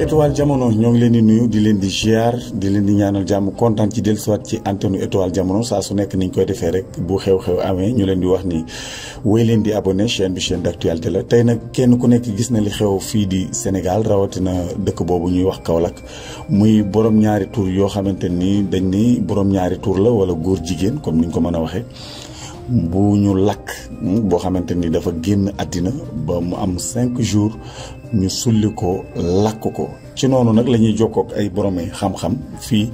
étoile jamono ñoo ngi leen di nuyu di leen di ziar di leen di ñaanal jàmm kontaan ci dellusiwaat ci antenne étoile jamono saa su nekk niñ koy defee rek bu xew-xew amee ñu leen di wax nii wéy leen di abonné chaîne bi chaîne d'actualité la tey nag kenn ku nekk gis na li xew fii di Sénégal rawatina dëkk boobu ñuy wax kawlak muy borom ñaari tour yoo xamante ni dañ ni borom ñaari tour la wala góor jigéen comme niñ ko mën a waxee. bu ñu lakk boo xamante ni dafa génn àddina ba mu am cinq jours ñu sulli ko lakk ko ci noonu nag la ñuy jokkoo ay borom xam-xam fii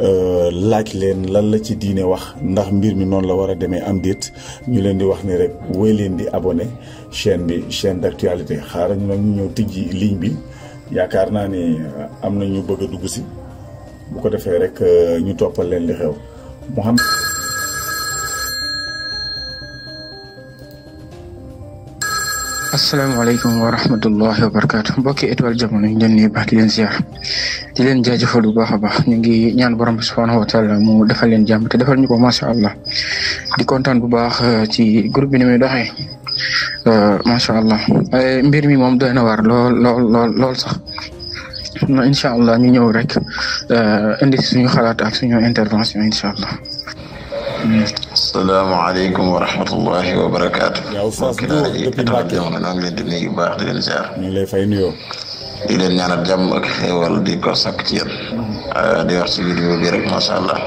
euh, laaj leen lan la ci diine wax ndax mbir mi noonu la war a demee am déet ñu leen di wax ni rek wéy leen di abone chaîne bi chaîne d'actualité xaaral ñu nag ñu ñëw tijji ligne bi yaakaar naa ni euh, am na ñu bëgg a dugg si bu ko defee rek euh, ñu toppal leen li xew Assalamualaikum warahmatullahi wabarakatuh. mbokki étoile jamono ñu leen nuyu baax di leen ziar di leen jaajëfal bu baax a baax ñu ngi ñaan borom subhanahu wa taala mu defal leen jàmm te defal ñu ko allah di kontaan bu baax eh, ci groupe bi ni muy doxee eh. eh, macha allah mbir mi moom doy na lool lool lool sax na insha allah ñu ñëw rek indi suñu xalaat ak suñu intervention insha allah. Hmm. salaamaaleykum wa rahmatullahi wa barakaatu. yow Oustaz Ndour depuis Mbacke jamono ñoo ngi leen di nuyu bu baax di leen ziar. ñu ngi lay fay nuyoo. di leen ñaanal jàmm ak xéewal di ko sakk ci yéen. Ah, di wax ci vidéo bi rek macha allah.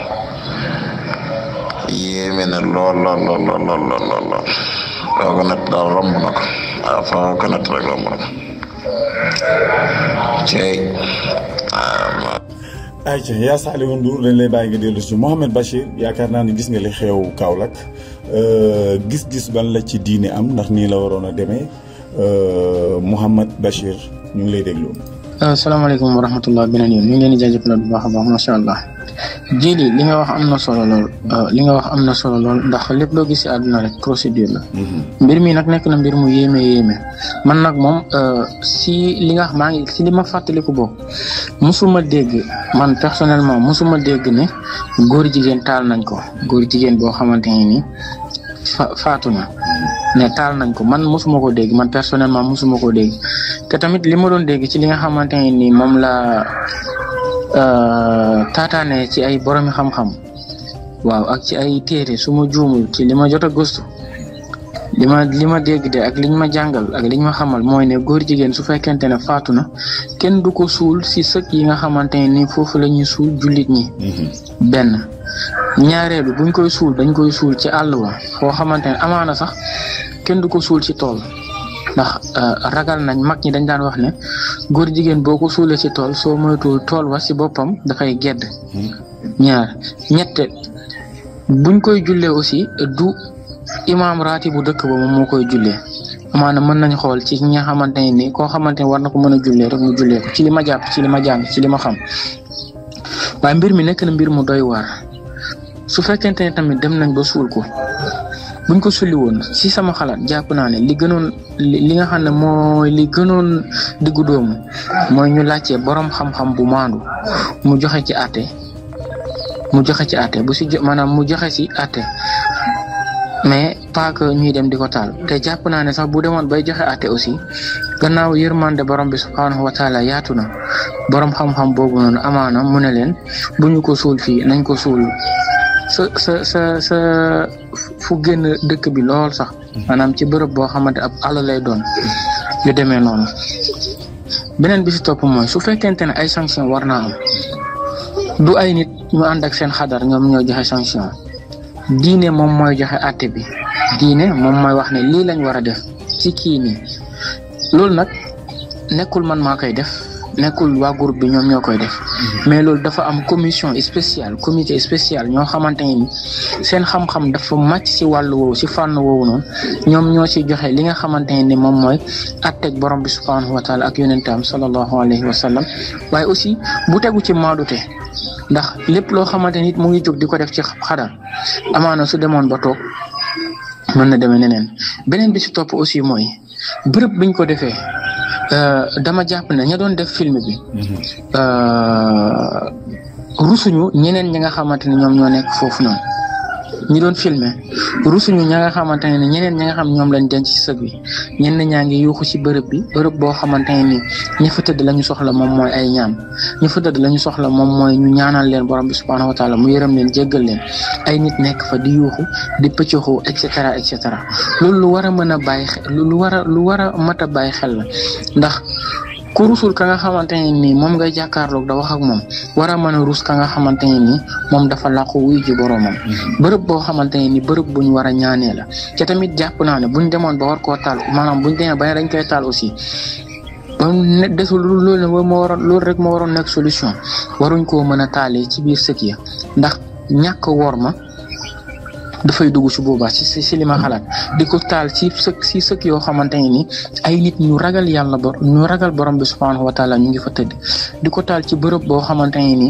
yéeme na lool lool lool lool lool lool lool. foo ko natt daal romb na ko. waaw ah, foo ko natt rek romb na ko. ayca yaa Saliou Ndour dañ lay bàyyi nga dellu si Mouhamed Bachir yaakaar naa ne gis nga li xew Kaolack euh, gis-gis ban la ci diine am ndax nii la waroon a demee euh, Mouhamed Bachir ñu ngi lay déglu. asalaamaaleykum euh, wa rahmatulah beneen yoon ñu ngeen leen di jaajëfal du baax a baax macha allah jili li nga wax am na solo lool li nga wax am na solo lool ndax lépp loo gis si àdduna rek procédure la. Mm-hmm. mbir mii nag nekk na mbir mu yéeme yéeme man nag moom si li nga maa ngi si li ma musuma dégg man personnellement musuma dégg ne góor jigéen taal nañ ko góor jigéen boo xamante ne ni faatu na ne taal nañ ko man musuma ko dégg man personnellement musuma ko dégg te tamit li ma doon dégg ci li nga xamante ne ni moom la euh, taataane ci ay boromi xam-xam waaw ci ay téere su ma juumul ci li ma jot a gëstu li ma li ma dégg de ak liñ ma jàngal ak liñ ma xamal mooy ne góor jigéen su fekkente ne faatu na kenn du ko suul si sëkk yi nga xamante ne ni foofu lañuy suul julit ñi. Mm-hmm. benn ñaareelu buñ koy suul dañ koy suul ci àll wa foo xamante ne amaana sax kenn du ko suul ci tool. ndax euh, ragal nañ mag ñi dañ daan wax ne góor jigéen boo ko suulee si tool soo moytu tool wa si boppam dafay gedd mm-hmm. ñaar ñette buñ koy julee aussi du imam rati bu dëkk ba mom mokoy julle manam man nañ xol ci nga xamante ni ko xamante war nako meuna julle rek mu julle ko ci lima japp ci lima jang ci lima xam ba mbir mi nek na mbir mu doy war su tamit dem nañ ba sul ko buñ ko sulli won si sama xalat jàpp naa ne li gënoon li nga xamne moy li gënoon diggu doomu moy ñu laccé borom xam-xam bu mandu mu joxe ci ate mu joxe ci àtte bu ci manam mu joxe ci mais pas que ñuy dem di tal té japp na né sax bu démon bay joxé até aussi gannaaw yërmande borom bi subhanahu wa taala yaatuna borom xam-xam bobu non amana mu ne leen ko sul fi nañ ko sul sa sa sa fu génn dëkk bi lool sax manam ci bërepp bo xamanté ab ala lay doon yu démé non benen bi ci top moy su fekkenté ay sanction warna am du ay nit ñu ànd ak seen xadar ñom ñoo joxé sanction diine moom mooy joxe àtte bi diine moom mooy wax ne lii lañ war a def ci kii nii loolu nag nekkul man maa koy def nekkul waa groupe bi ñoom ñoo koy def mhm. mais loolu dafa am commission spéciale comité spécial ñoo xamante ni seen xam-xam dafa màcc si wàllu woowu si fànn woowu noonu ñoom ñoo ci joxe li nga xamante ne ni moom mooy atteg borom bi subhanahu wa taala ak yonentaam sallallahu alayhi wa sallam waaye aussi bu tegu ci maadute ndax lépp loo xamante nit mu ngi jóg di ko def ci xadar amaana su demoon ba toog mën na deme neneen beneen bi si topp aussi mooy bërëb biñ ko defee euh, dama jàpp ne ña doon def film bi mm-hmm. euh, rusuñu ñeneen ñi nga xamante ne ñoom ñoo nekk foofu noonu ñu doon filmé rusuñu ña nga xamante ne ñeneen ñi nga xam ñoom lañ denc ci sëg bi ñenn ñaa ngi yuuxu ci bërëb bi bërëb boo xamante ne ña fa tëdd la ñu soxla moom mooy ay ñaan ña fa tëdd la ñu soxla moom mooy ñu ñaanal leen borom bi subhaanahu wa taala mu yërëm leen jéggal leen ay nit nekk fa di yuuxu di pëccëxoo et cetera et cetera loolu lu war a mën a bàyyi xel lu war a lu war a mat a bàyyi xel la ndax Kurusul kanga ka nga xamanteni ni mom nga jakarlo da wax ak mom wara man rus ka nga xamanteni ni mom dafa laqku wuy ji boromam mm-hmm. bërëb boo xamante ne ni beurep buñ wara ñaané la ci tamit japp na ne buñ demoon ba war ko tal manam buñ demee bañ dañ koy tal aussi ne desul loolu mo war lool rek mo waron nek solution waruñ ko mën talé ci biir sekk ya ndax ñak worma dafay dugg su boobaa ci ci lima li xalaat di ko taal si si sëkk yoo ni ay nit ñu ragal yàlla bor ñu ragal borom bi subhanahu wa taala ñu ngi fa tëdd di ko taal ci bërëb boo xamanteni ni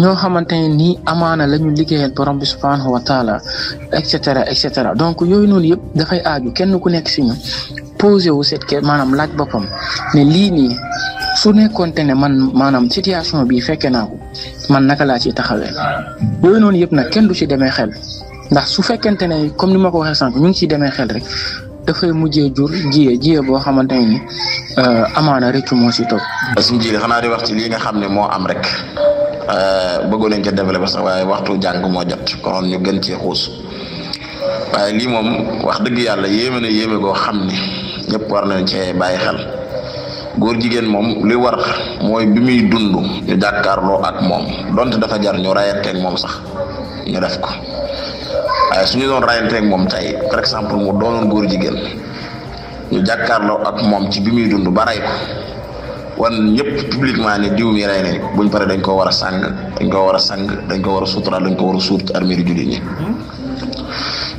ñoo xamanteni ni amaana la liggéeyal borom bi subhanahu wa taala et cetera et cetera donc yooyu noonu yëpp dafay aaju kenn ku nekk si ñu posé wu set ke maanaam laaj boppam ne lii nii su nekkoonte ne man maanaam situation bi fekke naa ko man naka laa ci taxawee yooyu noonu yëpp nag kenn du ci demee xel ndax su fekkente ne comme ni ma ko waxee sànq ñu ngi ciy demee xel rek dafay mujjee jur jiyee jiye boo xamante ni euh, amaana rëccu moo si toog. suñu ji xanaa di wax ci lii nga xam ne moo am rek euh, bëgg nañ ca développé sax waaye waxtu jàng moo jot kon ñu gën cee xuus lii moom wax dëgg yàlla yéeme na yéeme goo xam ne ñëpp war nañ cee bàyyi xel. góor jigen mom li war moy bi muy dundu ñu jakarlo ak moom donte dafa jar ñu ak mom sax ñu def ko ay suñu rayante ak mom tay par exemple mu donon góor jigen ñu jakarlo ak mom ci bi muy dundu ba ray ko wan ñepp publiquement ne diw mi ray ne buñ pare dañ ko wara sang dañ ko wara sang dañ ko wara a dañ ko wara a armée jullit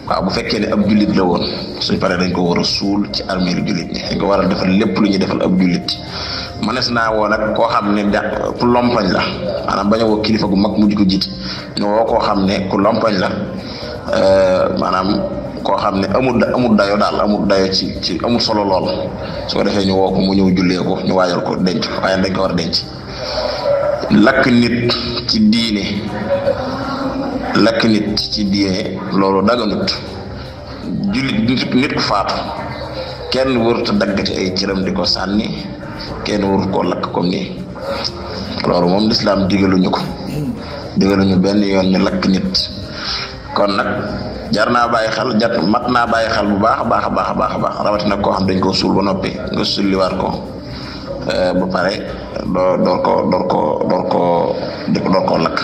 waaw bu fekkee ne ab jullit la woon suñ paree dañ ko war a suul ci armeelu jullit ñi dañ ko war a defal lépp lu ñuy defal ab jullit manees naa woo nag koo xam ne da ku lompañ la maanaam bañ woo kilifa gu mag mujj ko jiit ñu woo koo xam ne ku lompañ la euh, maanaam koo xam ne amul amul dayo daal amul dayo ci ci amul solo lool soo ko defee ñu woo ko mu ñëw jullee ko ñu waajal ko denc waaye dañ ko war a denc lak nit ci diine lak nit ci diine loolu daganut julit nit ku faatu kenn wurta daggati ay cëram di ko sànni kenn wurut koo lakk comme nii loolu moom lislaam digaluñu ko digaluñu benn yoon ni lak nit kon nag jar naa bàyyi xel jat mat naa bàyyi xel bu baax baax baax baax baax rawatina koo xam dañ ko sul ba noppi nga sulliwaat ko euh, ba pare doo doo ko doo ko doo ko doo ko nak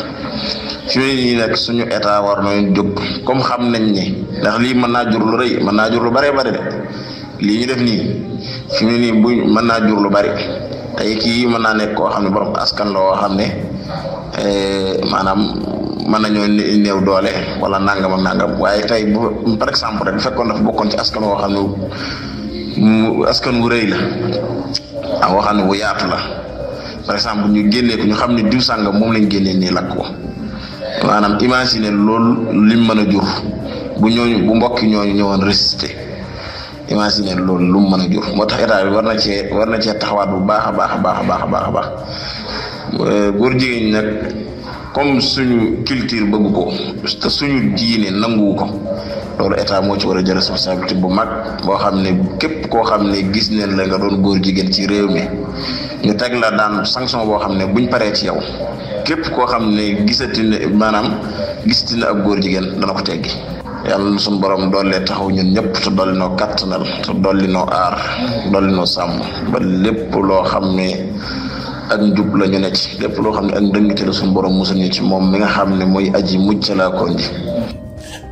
suñu état war nañ jóg comme xam nañ ni ndax lii mën naa jur lu rëy mën naa jur lu bare bare de lii ñu def nii fi mu nii bu mën jur lu bare tey kii mën naa nekk koo borom askan lo woo xam ne maanaam mën nañoo néew doole wala nangam ak nangam waaye tey bu par exemple rek bu dafa bokkoon ci askan woo xam askan wu rëy la ah woo xam yaatu la par exemple ñu génnee ko ñu xam ne diw sàngam moom lañ génnee nii lakk ko maanaam imaginer loolu lim mën a jur bu ñooñu bu mbokki ñooñu ñëwoon résister imaginer loolu lu mu mën a jur moo tax état bi war na cee war na cee taxawaat bu baax a baax a baax a baax a baax a baax euh, góor jigéen nag comme suñu culture bëgg ko te suñu diine nanguwu ko loolu état moo ci war a jël responsabilité bu mag boo xam ne képp koo xam ne gis neen la nga doon góor jigéen ci réew mi ñu teg la daan sanction boo xam ne buñ paree ci yow képp koo xam ne gisati na maanaam gisati na ab góor jigéen dana ko teggi yàlla na suñu borom doole taxaw ñun ñëpp te dolli noo kàttanal te dolli noo aar dolli noo sàmm ba lépp loo xam ne ak njub la ñu ne ci lépp loo xam ne ak ndëngte la suñu borom musal ñu ci moom mi nga xam ne mooy aji mucc laa ko ji.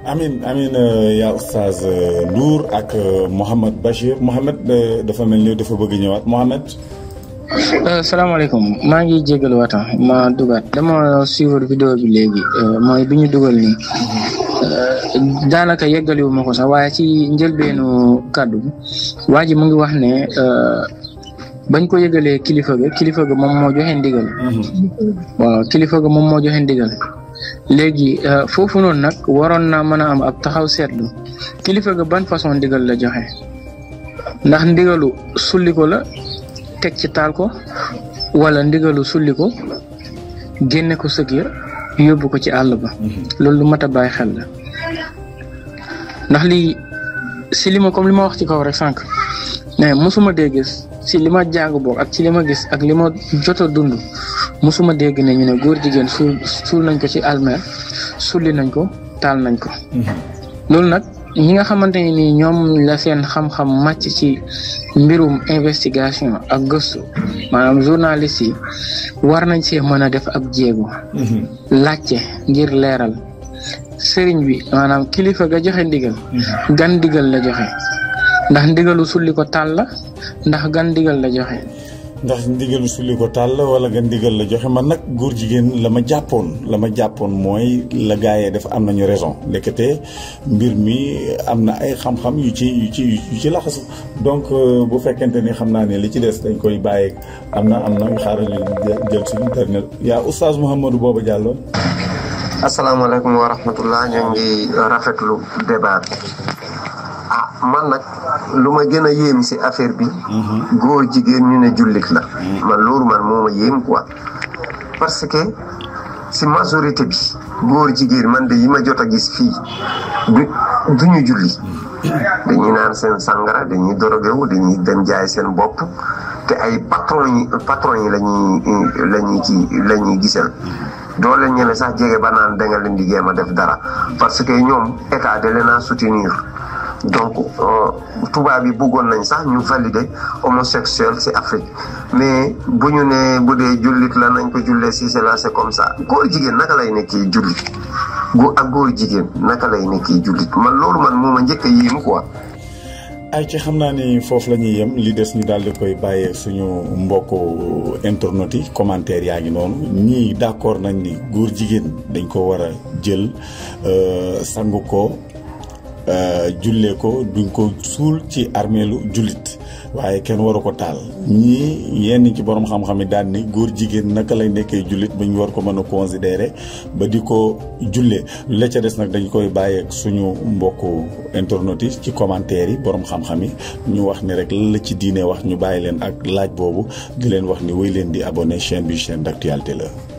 amin amin euh, yaa oustaz euh, Ndour ak euh, Mouhamed Bachir Mouhamed dafa mel ni dafa bëgg ñëwaat Mouhamed. Euh, salaamaaleykum maa ngi jégalu waat ma dugaat dama suivre vidéo bi léegi euh, mooy bi ñu dugal nii euh, daanaka yeggaliwu ma ko sax waaye ci njëlbeenu kàddu waa ji mu ngi wax ne bañ ko yëgalee kilifa ga kilifa ga moom moo joxe ndigal mm-hmm. waaw kilifa ga moom moo joxe ndigal léegi foofu noonu nag waroon naa mën a am ab taxaw seetlu kilifa ga ban façon ndigal la joxe ndax ndigalu sulli la teg ci taal ko wala ndigalu suli ko génne ko sëg yóbbu ko ci àll ba mhm. loolu lu mat a bàyyi xel na ndax li si li ma comme li ma wax ci kaw rek sànq mais mosuma dee gis si li ma jàng boog ak ci li ma gis ak li ma jot a dund mosuma dégg ne ñu ne góor jigéen suul suul nañ ko ci almer sulli nañ ko taal nañ ko mhm. loolu nag ñi nga xamante ne ni ñoom la seen xam-xam màcc ci mbirum investigation ak gëstu maanaam journaliste yi war nañ see mën a def ab jéego. Mm-hmm. laajte ngir leeral sëriñ bi maanaam kilifa ga joxe ndigal. Mm-hmm. gan ndigal la joxe ndax ndigalu sulli ko tàll la ndax gan ndigal la joxe. ndax ndigal sulli ko tàll wala nga ndigal la joxe man nag góor jigéen la ma jàppoon la ma jàppoon mooy la gaayee def am nañu raison ndekete mbir mi am na ay xam-xam yu ci yu ci yu ci laxasu donc euh, bu fekkente ni xam naa ne li ci des dañ koy bàyyi am na am na xaaral ñu jël suñu internet yaa oustaz Mouhamadou Booba Diallo asalaamaaleykum wa rahmatullah ñu ngi rafetlu débat bi man nag lu ma gën a yéem si affaire bi. Mhm. góor jigéen ñu ne jullit la. Mhm. man loolu man moo ma ko quoi. parce que si majorité bi góor jigéen man de yi ma jot a gis fii du du ñu julli. Mhm. dañuy naan seen sangara dañuy doroge wu dañuy dem jaay seen bopp te ay patron yi patron yi la ñuy la ci la ñuy gisal. doo sax jege ba naan da nga leen di jéem a def dara parce que ñoom état da leen a soutenir. donc euh, tubaab yi bëggoon nañ sax ñu valider homosexuel si Afrique mais bu ñu nee bu dee jullit la nañ ko jullee si c'est là c'est comme ça góor jigéen naka lay nekkee jullit ak góor jigéen naka lay nekkee man loolu man moo a njëkk a yéemu quoi. ay ci xam naa ni foofu la ñuy yem li des ñu daal di koy bàyyee suñu mbokku internautes yi commentaire yaa ngi noonu ñii d'accord nañ ni góor jigéen dañ ko war a jël euh, sangu ko. Euh, jullee ko duñ ko suul ci armeelu jullit waaye kenn waru ko taal ñii yenn ci borom xam-xam yi daan ni góor jigéen naka lay nekkee jullit ba ñu war ko mën a considérer ba di ko jullee la ca des nag dañ koy bàyyeek suñu mbokku internet ci commentaire yi borom xam-xam yi ñu wax ni rek la ci diine wax ñu bàyyi leen ak laaj boobu di leen wax ni wéy leen di abonné chaîne bi chaîne d'actualité la